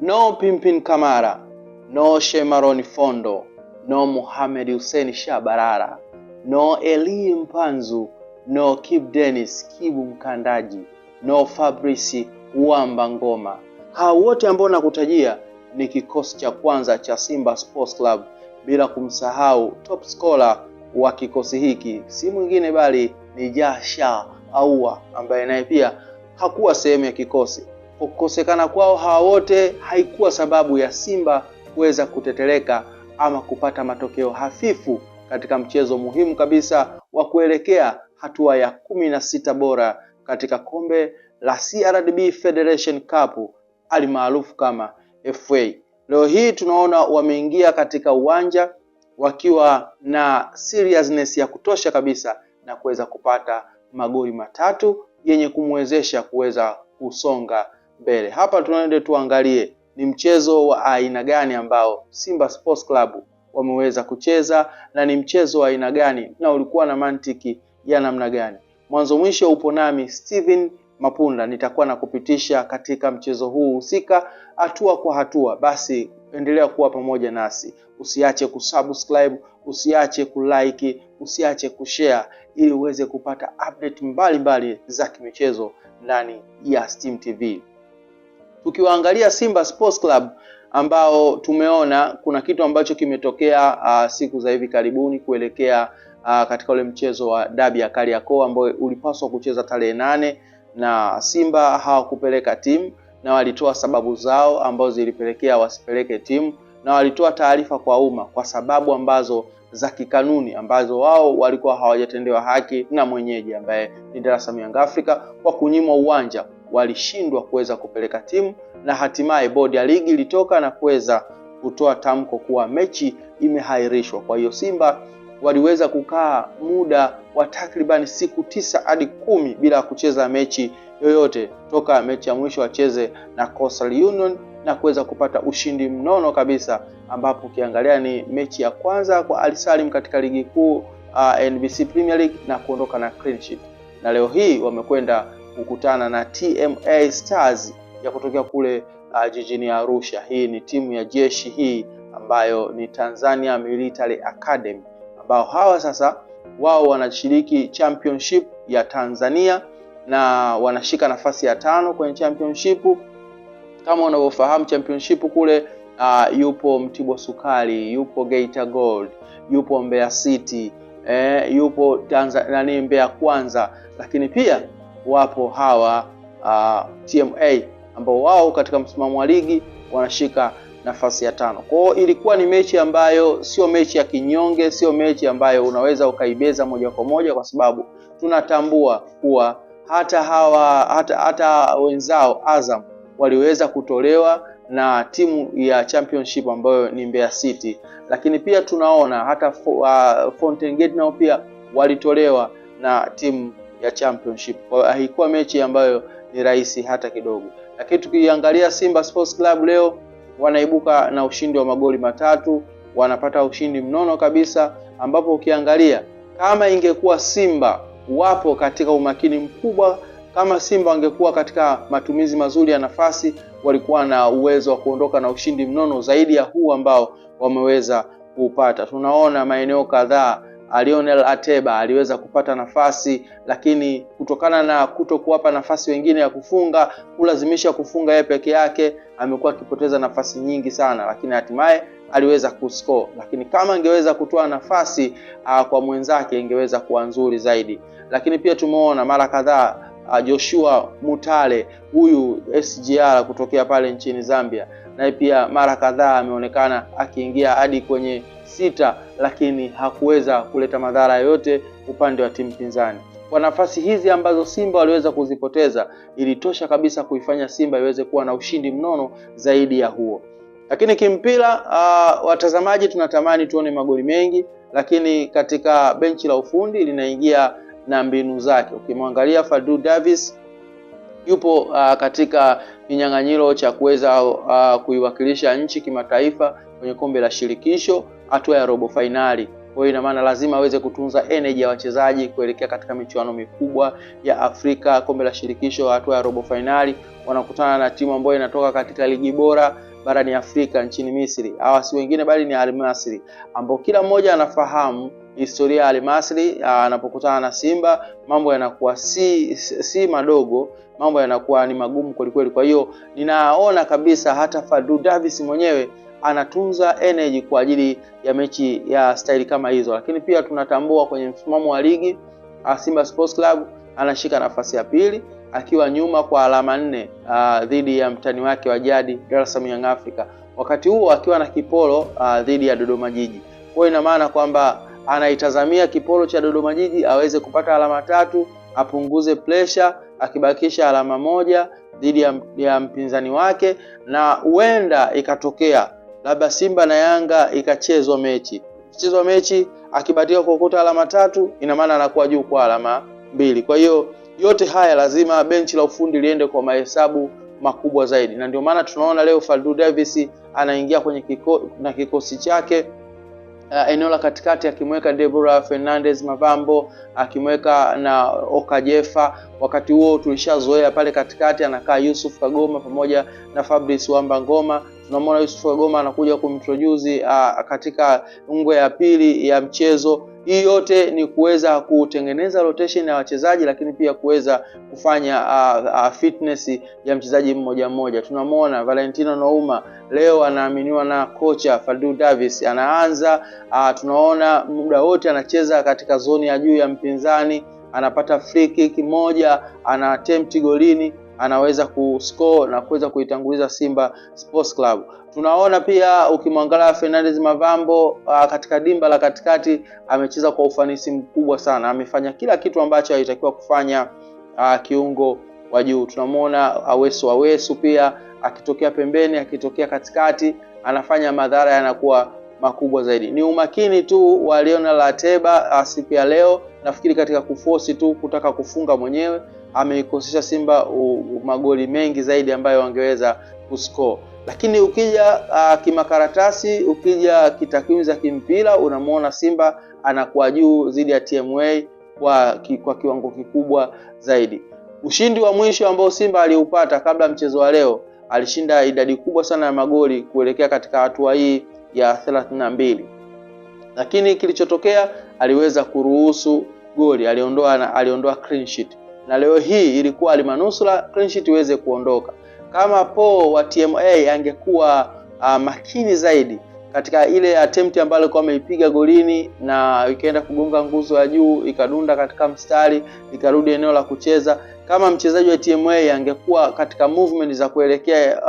No Pimpin Kamara, no Shemaroni Fondo, no Mohamed Hussein Shabarara, no Eli Mpanzu, no Kib Dennis Kibu Mkandaji, no Fabrice Wamba Ngoma. Hao wote ambao nakutajia ni kikosi cha kwanza cha Simba Sports Club, bila kumsahau top scorer wa kikosi hiki si mwingine bali ni Jasha Aua ambaye naye pia hakuwa sehemu ya kikosi. Kukosekana kwao hawa wote haikuwa sababu ya Simba kuweza kutetereka ama kupata matokeo hafifu katika mchezo muhimu kabisa wa kuelekea hatua ya kumi na sita bora katika kombe la CRDB Federation Cup alimaarufu kama FA. Leo hii tunaona wameingia katika uwanja wakiwa na seriousness ya kutosha kabisa na kuweza kupata magoli matatu yenye kumwezesha kuweza kusonga mbele. Hapa tunaende tuangalie ni mchezo wa aina gani ambao Simba Sports Club wameweza kucheza na ni mchezo wa aina gani na ulikuwa na mantiki ya namna gani. Mwanzo mwisho upo nami Steven Mapunda, nitakuwa na kupitisha katika mchezo huu husika hatua kwa hatua. Basi endelea kuwa pamoja nasi. Usiache kusubscribe, usiache kulike, usiache kushare ili uweze kupata update mbalimbali za kimichezo ndani ya Steam TV. Tukiwaangalia Simba Sports Club ambao tumeona kuna kitu ambacho kimetokea uh, siku za hivi karibuni kuelekea uh, katika ule mchezo wa dabi ya Kariakoo ambao ulipaswa kucheza tarehe nane na Simba hawakupeleka timu na walitoa sababu zao ambazo zilipelekea wasipeleke timu na walitoa taarifa kwa umma kwa sababu ambazo za kikanuni ambazo wao walikuwa hawajatendewa haki na mwenyeji ambaye ni Dar es Salaam Young Africa kwa kunyimwa uwanja, walishindwa kuweza kupeleka timu, na hatimaye bodi ya ligi ilitoka na kuweza kutoa tamko kuwa mechi imehairishwa. Kwa hiyo Simba waliweza kukaa muda wa takribani siku tisa hadi kumi bila kucheza mechi yoyote toka mechi ya mwisho wacheze na Coastal Union na kuweza kupata ushindi mnono kabisa, ambapo ukiangalia ni mechi ya kwanza kwa Al Salim katika ligi kuu uh, NBC Premier League na kuondoka na clean sheet, na leo hii wamekwenda kukutana na TMA Stars ya kutokea kule uh, jijini Arusha. Hii ni timu ya jeshi hii ambayo ni Tanzania Military Academy ambao hawa sasa wao wanashiriki championship ya Tanzania na wanashika nafasi ya tano kwenye championship. Kama unavyofahamu championship kule uh, yupo Mtibwa Sukari, yupo Geita Gold, yupo Mbeya City eh, yupo Tanzania nani Mbeya Kwanza, lakini pia wapo hawa uh, TMA ambao wao katika msimamo wa ligi wanashika nafasi ya tano. Kwa hiyo ilikuwa ni mechi ambayo sio mechi ya kinyonge, sio mechi ambayo unaweza ukaibeza moja kwa moja, kwa sababu tunatambua kuwa hata hawa hata, hata wenzao Azam waliweza kutolewa na timu ya championship ambayo ni Mbeya City, lakini pia tunaona hata uh, Fountain Gate nao pia walitolewa na timu ya championship. Kwa hiyo haikuwa mechi ambayo ni rahisi hata kidogo, lakini tukiangalia Simba Sports Club leo wanaibuka na ushindi wa magoli matatu, wanapata ushindi mnono kabisa, ambapo ukiangalia kama ingekuwa Simba wapo katika umakini mkubwa, kama Simba wangekuwa katika matumizi mazuri ya nafasi, walikuwa na uwezo wa kuondoka na ushindi mnono zaidi ya huu ambao wameweza kuupata. Tunaona maeneo kadhaa Lionel Ateba aliweza kupata nafasi, lakini kutokana na kuto kuwapa nafasi wengine ya kufunga, kulazimisha kufunga yeye peke yake, amekuwa akipoteza nafasi nyingi sana, lakini hatimaye aliweza kuscore. Lakini kama angeweza kutoa nafasi uh, kwa mwenzake ingeweza kuwa nzuri zaidi, lakini pia tumeona mara kadhaa ah, Joshua Mutale huyu SGR kutokea pale nchini Zambia naye pia mara kadhaa ameonekana akiingia hadi kwenye sita, lakini hakuweza kuleta madhara yoyote upande wa timu pinzani. Kwa nafasi hizi ambazo Simba waliweza kuzipoteza, ilitosha kabisa kuifanya Simba iweze kuwa na ushindi mnono zaidi ya huo. Lakini kimpira, uh, watazamaji tunatamani tuone magoli mengi, lakini katika benchi la ufundi linaingia na mbinu zake. Ukimwangalia Fadlu Davis yupo uh, katika kinyang'anyiro cha kuweza uh, kuiwakilisha nchi kimataifa kwenye kombe la shirikisho hatua ya robo fainali. Kwa hiyo ina maana lazima aweze kutunza energy ya wachezaji kuelekea katika michuano mikubwa ya Afrika, kombe la shirikisho hatua ya robo fainali. Wanakutana na timu ambayo inatoka katika ligi bora barani Afrika nchini Misri. Hawa si wengine bali ni Al Masry, ambao kila mmoja anafahamu historia ya Almasri ah, anapokutana na Simba mambo yanakuwa si, si, si madogo, mambo yanakuwa ni magumu kwelikweli. Kwa hiyo ninaona kabisa hata Fadlu Davis mwenyewe anatunza energy kwa ajili ya mechi ya staili kama hizo, lakini pia tunatambua kwenye msimamo wa ligi ah, Simba Sports Club anashika nafasi ya pili akiwa nyuma kwa alama nne ah, dhidi ya mtani wake wa jadi Dar es Salaam Young Africa, wakati huo akiwa na kipolo dhidi ya Dodoma Jiji. Kwa hiyo ina maana kwamba anaitazamia kiporo cha Dodoma Jiji aweze kupata alama tatu, apunguze pressure, akibakisha alama moja dhidi ya, ya mpinzani wake, na huenda ikatokea labda Simba na Yanga ikachezwa mechi chezwa mechi, akibatika kuokota alama tatu, ina maana anakuwa juu kwa alama mbili. Kwa hiyo yote haya lazima benchi la ufundi liende kwa mahesabu makubwa zaidi, na ndio maana tunaona leo Faldu Davis anaingia kwenye kiko, na kikosi chake uh, eneo la katikati akimweka Debora Fernandez Mavambo akimweka na Okajefa. Wakati huo tulishazoea pale katikati anakaa Yusuf Kagoma pamoja na Fabrice Wamba Ngoma tunamwona Yusuf Wagoma anakuja kumtrojuzi ah, katika ngwe ya pili ya mchezo. Hii yote ni kuweza kutengeneza rotation ya wachezaji, lakini pia kuweza kufanya uh, uh, fitness ya mchezaji mmoja mmoja. Tunamwona Valentino Nouma leo anaaminiwa na kocha Fadlu Davis anaanza. Uh, tunaona muda wote anacheza katika zoni ya juu ya mpinzani, anapata free kick moja, ana attempt golini anaweza kuscore na kuweza kuitanguliza Simba Sports Club. Tunaona pia ukimwangalia Fernandez Mavambo uh, katika dimba la katikati amecheza kwa ufanisi mkubwa sana, amefanya kila kitu ambacho alitakiwa kufanya uh, kiungo wa juu. Tunamwona Awesu Awesu pia akitokea pembeni, akitokea katikati, anafanya madhara yanakuwa makubwa zaidi. Ni umakini tu wa Leonel Ateba ah, siku ya leo, nafikiri katika kufosi tu kutaka kufunga mwenyewe, ameikosesha Simba magoli mengi zaidi ambayo wangeweza kuscore. Lakini ukija uh, kimakaratasi, ukija kitakwimu za kimpira, unamwona Simba anakuwa juu dhidi ya TMA kwa, kwa kiwango kikubwa zaidi. Ushindi wa mwisho ambao Simba aliupata kabla mchezo wa leo, alishinda idadi kubwa sana ya magoli kuelekea katika hatua hii ya 32. Lakini kilichotokea aliweza kuruhusu goli, aliondoa aliondoa clean sheet. Na leo hii ilikuwa alimanusura clean sheet iweze kuondoka. Kama po wa TMA angekuwa uh, makini zaidi katika ile attempt ambayo alikuwa ameipiga golini na ikaenda kugonga nguzo ya juu ikadunda katika mstari ikarudi eneo la kucheza. Kama mchezaji wa TMA angekuwa katika movement za kuelekea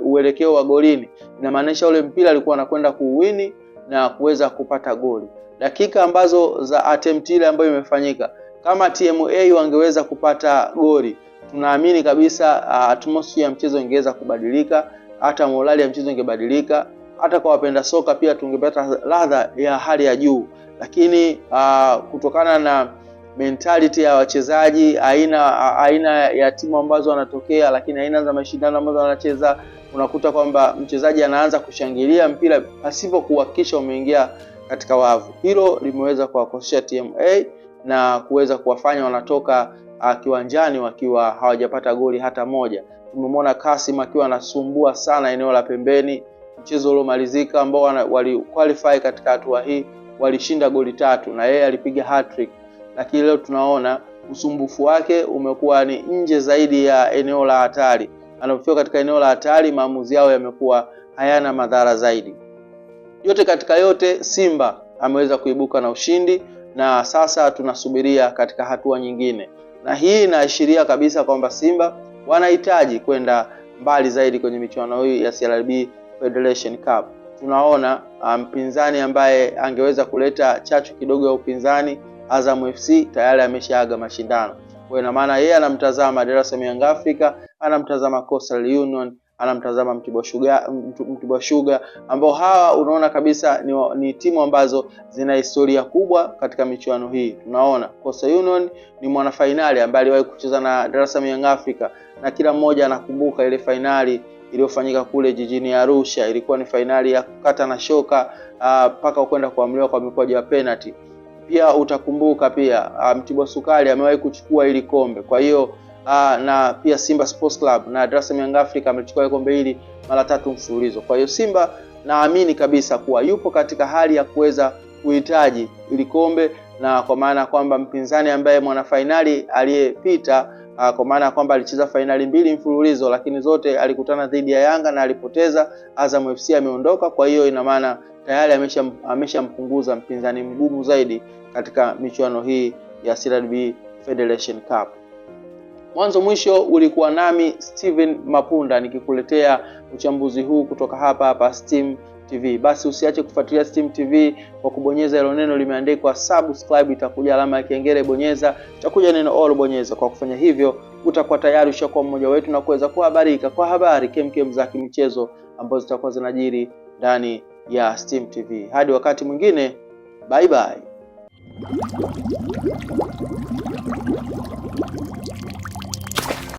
uh, uelekeo wa golini, inamaanisha ule mpira alikuwa anakwenda kuuwini na kuweza kupata goli. Dakika ambazo za attempt ile ambayo imefanyika, kama TMA wangeweza kupata goli, tunaamini kabisa uh, atmosphere ya mchezo ingeweza kubadilika, hata morali ya mchezo ingebadilika hata kwa wapenda soka pia tungepata ladha ya hali ya juu, lakini uh, kutokana na mentality ya wachezaji, aina aina ya timu ambazo wanatokea, lakini aina za mashindano ambazo wanacheza, unakuta kwamba mchezaji anaanza kushangilia mpira pasipo kuhakikisha umeingia katika wavu. Hilo limeweza kuwakosesha TMA na kuweza kuwafanya wanatoka uh, kiwanjani wakiwa hawajapata goli hata moja. Tumemwona Kasim akiwa anasumbua sana eneo la pembeni mchezo uliomalizika ambao wali qualify katika hatua hii walishinda goli tatu na yeye alipiga hat-trick, lakini leo tunaona usumbufu wake umekuwa ni nje zaidi ya eneo la hatari. Anapofika katika eneo la hatari, maamuzi yao yamekuwa hayana madhara zaidi. Yote katika yote, Simba ameweza kuibuka na ushindi, na sasa tunasubiria katika hatua nyingine, na hii inaashiria kabisa kwamba Simba wanahitaji kwenda mbali zaidi kwenye michuano hii ya CRB Federation Cup. Tunaona ah, mpinzani um, ambaye angeweza kuleta chachu kidogo ya upinzani Azam FC tayari ameshaaga mashindano. Kwa ina maana yeye anamtazama Dar es Salaam Young Africa, anamtazama Coastal Union, anamtazama Mtibwa Sugar, Mtibwa Sugar ambao hawa unaona kabisa ni, ni timu ambazo zina historia kubwa katika michuano hii. Tunaona Coastal Union ni mwanafainali ambaye aliwahi kucheza na Dar es Salaam Young Africa na kila mmoja anakumbuka ile fainali iliyofanyika kule jijini Arusha. Ilikuwa ni fainali ya kukata na shoka ah, mpaka kwenda kuamliwa kwa mikwaju ya penalty. Pia utakumbuka pia ah, Mtibwa Sukari amewahi kuchukua hili kombe, kwa hiyo ah, na pia Simba Sports Club na Dar es Salaam Young Africa amechukua kombe hili mara tatu mfululizo. Kwa hiyo Simba naamini kabisa kuwa yupo katika hali ya kuweza kuhitaji ili kombe, na kwa maana kwamba mpinzani ambaye mwanafainali aliyepita Ah, kwa maana ya kwamba alicheza fainali mbili mfululizo, lakini zote alikutana dhidi ya Yanga na alipoteza. Azam FC ameondoka, kwa hiyo ina maana tayari ameshampunguza amesha mpinzani mgumu zaidi katika michuano hii ya CRDB Federation Cup. Mwanzo mwisho ulikuwa nami Steven Mapunda nikikuletea uchambuzi huu kutoka hapa hapa Steam TV. Basi usiache kufuatilia Steam TV kwa kubonyeza hilo neno limeandikwa subscribe, itakuja alama ya kengele, bonyeza, itakuja neno all, bonyeza. Kwa kufanya hivyo utakuwa tayari ushakuwa mmoja wetu na kuweza kuhabarika kwa habari kemkem za kimichezo ambazo zitakuwa zinajiri ndani ya Steam TV. Hadi wakati mwingine, bye bye.